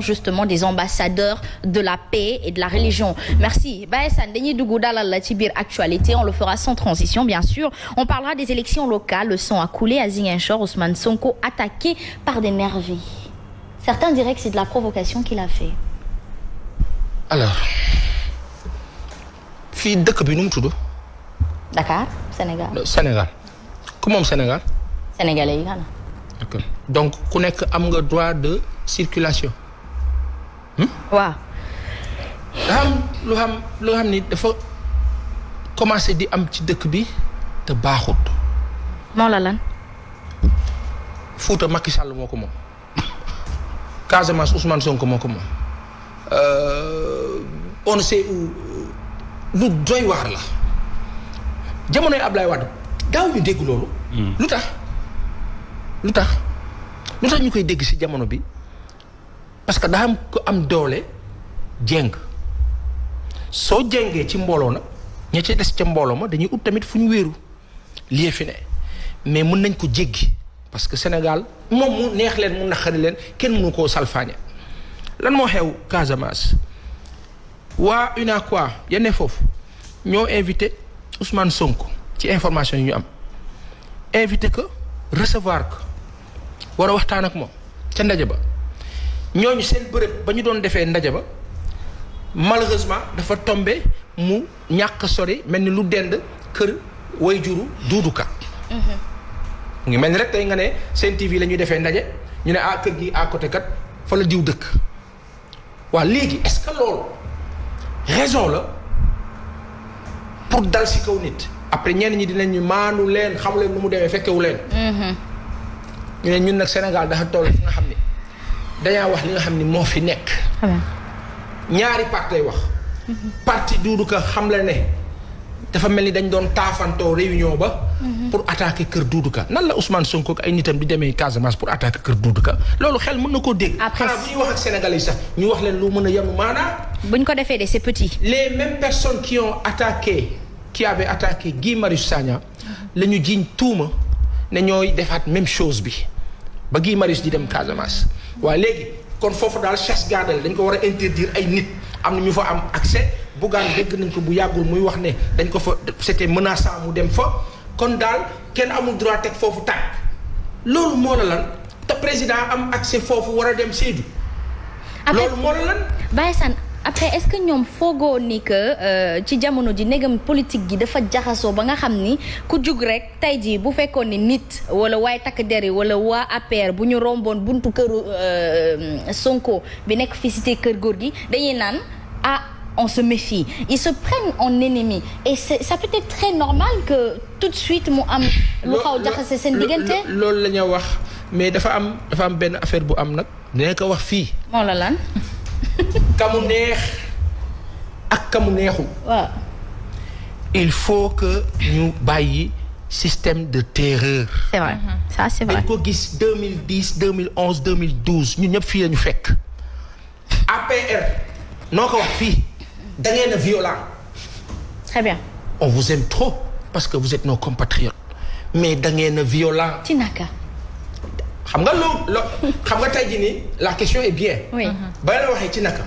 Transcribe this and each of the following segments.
sont justement des ambassadeurs de la paix et de la religion merci Baye Sane dañuy dugg dalal la ci biir actualité on le fera sans transition bien sûr on parlera des élections locales le sang a coulé à Ziguinchor Ousmane Sonko attaqué par des nervis certains diraient que c'est de la provocation qu'il a fait alors fii dëkk bi nu mu tudd Dakar Sénégal Sénégal ku moom Sénégal sénégalais yi xanaa ok donc ku nekk am nga droit de circulation waaw. daa am lu xam lu xam ni dafa commencé di am ci dëkk bi te baaxut. moo la lan. Fouta Macky Sall moo ko moom. Casamance Ousmane Sonko moo ko moom. Euh, on sait où lu doy waar la. jamonoy Ablaye Wade daaw ñu dégg loolu. Hmm. lu tax lu tax lu tax ñu koy dégg ci jamono bi. parce que daa am ko am doole jéng soo jéngee ci mbooloo na ña ci des ca mbooloo ma dañuy ut tamit fu ñu wéeru lii fi ne mais mun nañ ko jéggi parce que Sénégal moom mu neex leen mu naqari leen kenn mënu koo salfaañe lan moo xew Casamance waa quoi yenn foofu ñoo invité Ousmane sonk ci information yi ñu am invité ko recevoir que war a waxtaan ak moom ca ndaje ba. ñooñu seen bërëb ba ñu doon defee ndaje ba malheureusement dafa tombe mu ñàkk sori mel ni lu dend kër way juru duuduka mhm. mu ngi mel ni rek tey nga ne seen TV la ñuy defee ndaje ñu ne ah gi à côté kat fa la diw dëkk waa léegi est-ce loolu raison la pour dal si kaw nit après ñenn ñi dinañu maanu leen xamu leen nu mu demee fekkewu leen mhm. ñu ne ñun nag Sénégal dafa toll fi nga xam ne dañaa wax li nga xam ni moo fi nekk. ñaari parti lay wax. parti Doudou Ka xam la ne dafa mel ni dañ doon taafantoo réunion ba. pour attaquer kër Doudou Ka nan la Ousmane Sonko ay nitam di demee Casamance pour attaque kër Doudou Ka loolu xel mën na koo dégg. après xanaa bu ak Sénégalais sax ñu wax leen lu mën a yanu maanaa. bu ñu ko defee de c'est petit. les mêmes personnes qui ont attaqué qui avaient attaqué Guy Marius Sagna la ñu jiiñ tuuma ne ñooy defaat même chose bi ba gii Marius di dem Casamance. waa léegi kon foofu daal chasse gardée dañ ko war a interdire ay nit am na ñu fa am accès Bougane dégg nañ ko bu yàggul muy wax ne dañ ko fa c'était menaçant mu dem fa kon daal kenn amul droit teg foofu tànk loolu moo la lan te président am accès foofu war a dem Seydou loolu moo la lan Baye Sane après est-ce que ñoom foogoon ni que euh, ci jamono ji negam politique gi dafa jaxasoo ba nga xam ni ku jug rek tey jii bu fekkoon ni nit wala waaye takk der yi wala waa APR bu ñu romboon buntu këru euh, Sonko bi nekk fi te kër góor gi dañuy naan ah on se méfie ils se prennent en ennemi et c'est ça peut être très normal que tout de suite mu am lu xaw jaxase seen diggante loolu la ñu wax mais dafa am dafa am benn affaire bu am nag dinañ ko wax fii kamu neex ak kamu neexul. il faut que ñu bàyyi système de terreur. c'est vrai mhm. ça c'est vrai. dañ ko gis 2010 2011 2012 ñun ñëpp fii la ñu fekk. APR noo ko wax fii da ngeen a violent. très bien. on vous aime trop parce que vous êtes nos compatriotes mais da ngeen a xam nga loo loo xam nga tey jii nii la question est bien. oui uh-huh. ba leen waxee ci naka.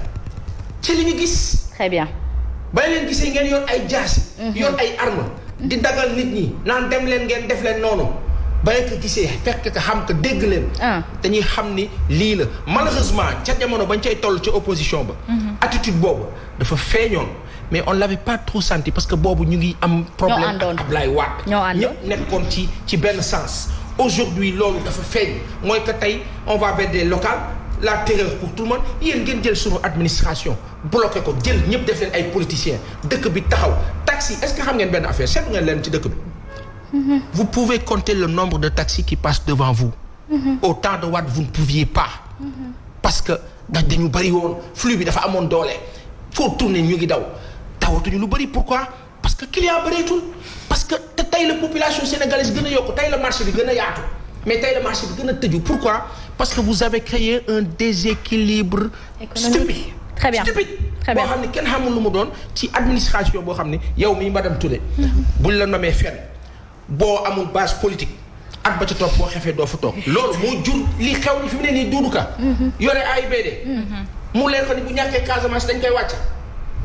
ci li ñu gis. très ba leen gisee ngeen yoon ay jaas. Uh-huh. yoon ay arme di dagal nit ñi naan dem leen ngeen def leen noonu. ba ko gisee fekk ka xam ko dégg leen. dañuy ah. xam ni lii la malheureusement ca jamono bañ cay toll ci opposition ba. Uh-huh. attitude boobu dafa feeñoon. mais on l'avait pas trop senti parce que boobu ñu ngi am. problème ak Ablaye Wade. ñoo àndoon ñëpp nekkoon ci ci benn sens. aujourd'hui loolu dafa feeñ mooy que tey on va vers des locales la terreur pour tout le monde yéen ngeen jël sunu administration bloqué ko jël ñëpp def leen ay politiciens dëkk bi taxaw taxi est-ce que xam ngeen benn affaire seetlu ngeen leen ci dëkk bi. Mm-hmm. vous pouvez compter le nombre de taxis qui passent devant vous. Mm -hmm. au temps de Wade vous ne pouviez pas. Mm-hmm. parce que dañ dañu bëri woon flux bi dafa amoon doole. foo tourner ñu ngi daw tawatuñu lu bëri pourquoi parce que client te te tey la population sénégalaise gën a yokk tey la marché bi gën a yaatu mais tey la marché bi gën a tëju pourquoi parce que vous avez créé un déséquilibre stupide très bien stupide boo xam ne kenn xamul lu mu doon ci administration boo xam ne yow mii madame Touré buñ la nomee fenn boo amul base politique ak ba ca topp boo xefee doo fa toog loolu moo jur li xew ni fi mu ne nii duudu ka mhm. yore AIBD mhm. mu leer ko ni bu ñàkkee Casamance dañ koy wàcc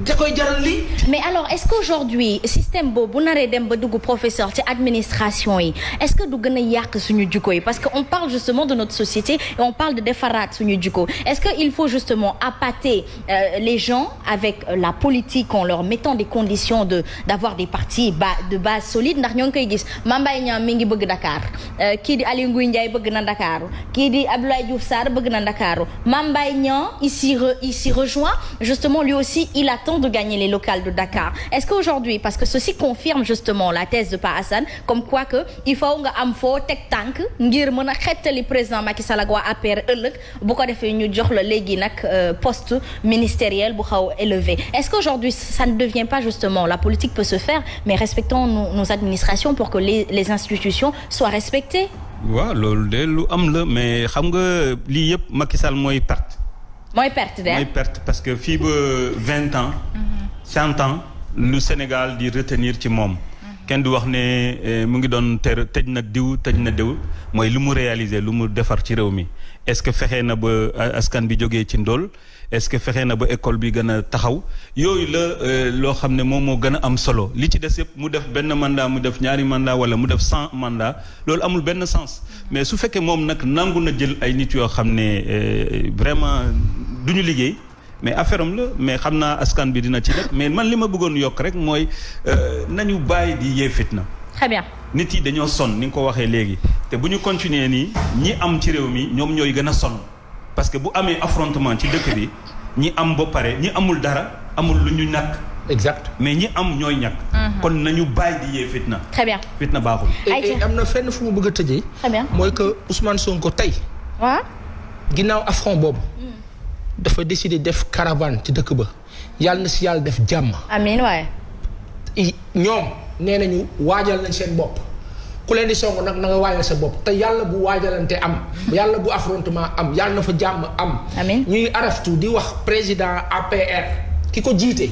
da koy jaral lii. mais alors est bu naree dem ba dugg professeur ci administration yi est-ce que du gën a yàq suñu jikko yi parce que on parle justement de notre société et on parle de defaraat suñu jikko est-ce que faut justement appâter euh, les gens avec euh, la politique en leur mettant des conditions de d'avoir des partis ba de base solide ndax ñoo ngi koy gis Mame Mbaye Niang mi ngi bëgg Dakar euh, kii di Aly Ngouille Ndiaye bëgg na Dakar kii di Abdoulaye Diouf Sarr bëgg na Dakar Mame il attend de gagner les locales de Dakar est-ce que aujourd'hui parce que ceci confirme justement la thèse de Pa Assane comme quoi que il faut nga am foo teg tànk ngir mën a xettali président Macky Sall ak waa APR ëllëg bu ko defee ñu jox la léegi nag euh, poste ministériel bu xaw élevé est-ce qu'aujourd'hui ça ne devient pas justement la politique peut se faire mais respectons nos, nos administrations pour que les, les institutions soient respectées waaw loolu de lu am la mais xam nga lii yëpp Macky Sall mooy perte mooy perte de mooy perte parce que fii ba vingt ans. cent ans lu Sénégal di retenir ci moom. kenn du wax ne eh, mu ngi doon ter tëj nag diw tëj na diw mooy lu mu réaliser lu mu defar ci réew mi est-ce que fexe na ba askan bi jógee ci ndool est-ce que fexe na ba école bi gën a taxaw yooyu la eh, loo xam ne moom moo gën a am solo li ci des yëpp mu def benn mandat mu def ñaari mandat wala mu def cent mandat loolu amul benn sens mais su fekkee moom nag nangu na jël ay nit yoo xam ne eh, vraiment du ñu liggéey mais affaire am la mais xam naa askan bi dina ci def mais man li ma bëggoon yokk rek mooy euh, nañu bàyyi di yee fitna. très bien nit yi dañoo sonn ni nga ko waxee léegi te bu ñu continuer nii ñi am ci réew mi ñoom ñooy gën a sonn parce que bu amee affrontement ci dëkk bi ñi am ba pare ñi amul dara amul lu ñu ñàkk. exact mais ñi am ñooy ñàkk. Mhm. kon nañu bàyyi di yee fitna. très bien fitna baaxul. Eh, eh, am na fenn fu mu bëgg a tëjee. très bien mooy que Ousmane Sonko tey. dafa décider def caravane ci dëkk ba yàlla na si yàlla def jàmm. amiin waaye. ñoom nee nañu waajal nañ seen bopp ku leen di song nag na nga waajal sa bopp te yàlla bu waajalante am. yàlla bu affrontement am yàlla na fa jàmm am. amiin ñuy araftu di wax président APR ki ko jiite.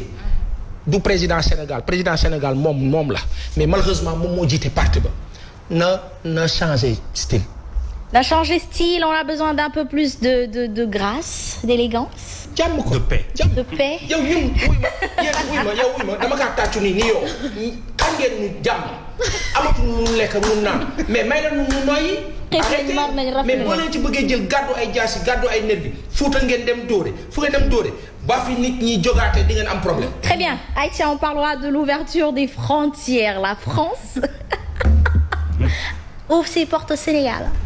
du président Sénégal président Sénégal moom moom la mais malheureusement moom moo jiite parti ba na na changé style. d'un change style on a besoin d'un peu plus de de de grâce d'élégance. jàmm ko de paix de paix. yow ñun wuy ma ma yow wuy ma dama kaa tàccu ni nii yow xam ngeen ñu jàmm amatuñu lu lekk lu naan mais may la mu noyyi. mais boo leen ci bëggee jël gàddu ay jaasi gàddu ay nervi fuuta ngeen dem dóore fu ngeen dem dóore ba fi nit ñi jogaate di ngeen am problème. très bien Aïcha on parlera de l'ouverture des frontières la France ouvre ses portes au